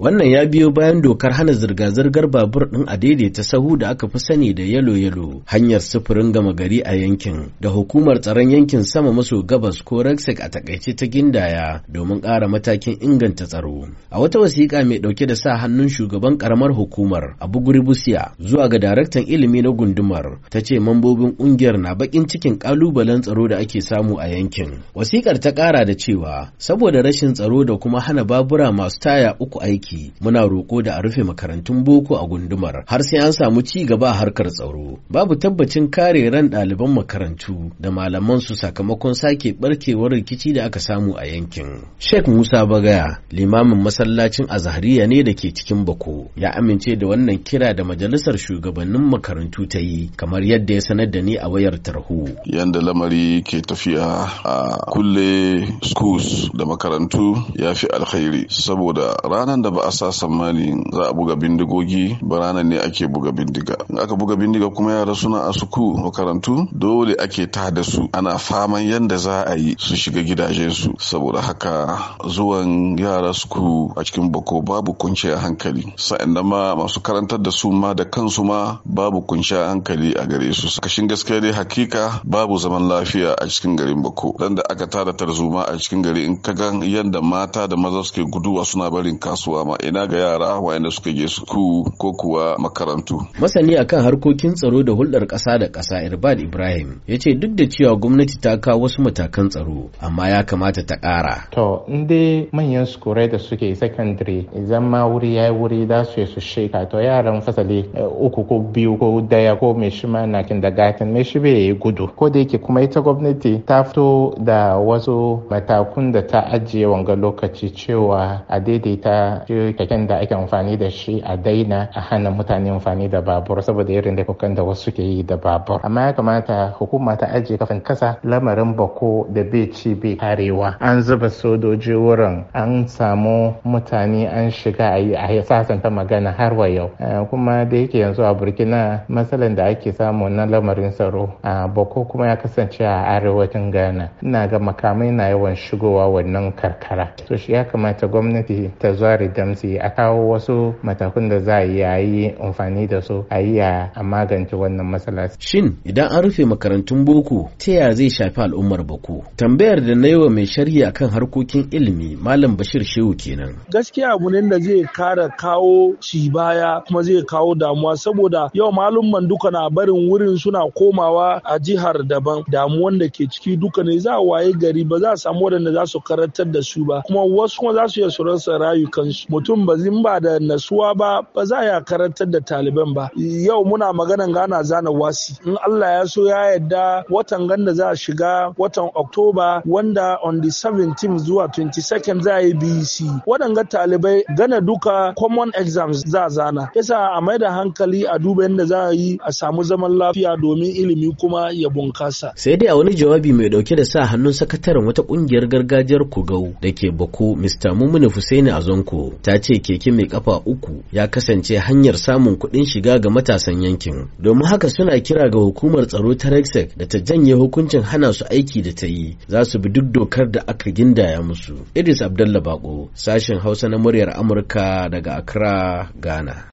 Wannan ya biyo bayan dokar hana zirga-zirgar babur ɗin a daidaita sahu da aka fi sani da yalo-yalo hanyar sufurin gama gari a yankin da hukumar tsaron yankin sama maso gabas ko Rexec a takaice ta gindaya domin ƙara matakin inganta tsaro. A wata wasiƙa mai ɗauke da sa hannun shugaban ƙaramar hukumar Abu Guribusiya zuwa ga daraktan ilimi na gundumar ta ce mambobin ƙungiyar na baƙin cikin ƙalubalen tsaro da ake samu a yankin. Wasiƙar ta ƙara da cewa saboda rashin tsaro da kuma hana babura masu taya uku aiki aiki muna roƙo da a rufe makarantun boko a gundumar har sai an samu ci gaba a harkar tsaro babu tabbacin kare ran ɗaliban makarantu da malaman su sakamakon sake barkewar rikici da aka samu a yankin sheikh musa bagaya limamin masallacin azhariya ne da ke cikin bako ya amince da wannan kira da majalisar shugabannin makarantu ta yi kamar yadda ya sanar da ni a wayar tarho yanda lamari ke tafiya a kulle schools da makarantu ya fi alkhairi saboda ranar da ba a sa sammanin za a buga bindigogi ba ne ake buga bindiga in aka buga bindiga kuma yara suna a suku makarantu dole ake ta da su ana faman yanda za a yi su shiga su. saboda haka zuwan yara suku a cikin bako babu a hankali sa'an ma masu karantar da su ma da kansu ma babu a hankali a gare su kashin gaskiya dai hakika babu zaman lafiya a cikin garin bako dan da aka tada tarzoma a cikin gari in ka gan yadda mata da maza suke guduwa suna barin kasuwa dama ina ga yara waɗanda suka je suku ko kuwa makarantu. Masani akan harkokin tsaro da hulɗar ƙasa da ƙasa Irbad Ibrahim ya ce duk da cewa gwamnati ta kawo wasu matakan tsaro amma ya kamata ta ƙara. To in dai manyan sukurai da suke secondary idan ma wuri ya wuri za su su sheka to yaran fasali eh, uku ko biyu ko daya ko mai shi ma na kin da gatin mai shi bai yi gudu ko da yake kuma ita gwamnati ta fito da wasu matakun da ta ajiye wanga lokaci cewa a daidaita shi keken da ake amfani da shi a daina a hana mutane amfani da babur saboda irin da kukan da wasu ke yi da babur amma ya kamata hukuma ta ajiye kafin kasa lamarin bako da bai ci bai karewa an zuba sojoji wurin an samu mutane an shiga a yi a sasanta magana har wa yau eh, kuma da yake yanzu a burkina matsalan da ake samu na lamarin tsaro a bako kuma ya kasance a arewacin ghana ina ga makamai na yawan shigowa wannan karkara to shi ya kamata gwamnati ta zare DMC a kawo wasu matakun da za a yi a yi amfani da su a yi a magance wannan matsala. Shin idan an rufe makarantun boko ta ya zai shafi al'ummar boko? Tambayar da na yi wa mai sharhi akan harkokin ilimi Malam Bashir Shehu kenan. Gaskiya abu ne da zai kara kawo ci baya kuma zai kawo damuwa saboda yau malumman duka na barin wurin suna komawa a jihar daban damuwan da ke ciki duka ne za a waye gari ba za a samu waɗanda za su karantar da su ba kuma wasu kuma za su iya su rasa rayukansu. mutum ba zin ba da nasuwa ba ba za ya karantar da taliban ba yau muna maganan gana zana wasi in Allah ya so ya yadda watan ganda za a shiga watan oktoba wanda on the 17 zuwa 22 za a yi B.C. E waɗanga talibai gana duka common exams za a zana yasa a mai da hankali a duba yadda za a yi a samu zaman lafiya domin ilimi kuma ya bunkasa sai dai a wani jawabi mai dauke da sa hannun sakataren wata kungiyar gargajiyar kugau da ke baku mr mumuni a zonko ta ce keke mai kafa uku ya kasance hanyar samun kuɗin shiga ga matasan yankin domin haka suna kira ga hukumar tsaro ta rexec da ta janye hukuncin hana su aiki da ta yi za su bi duk dokar da aka gindaya musu idris abdallah bako sashen hausa na muryar amurka daga accra ghana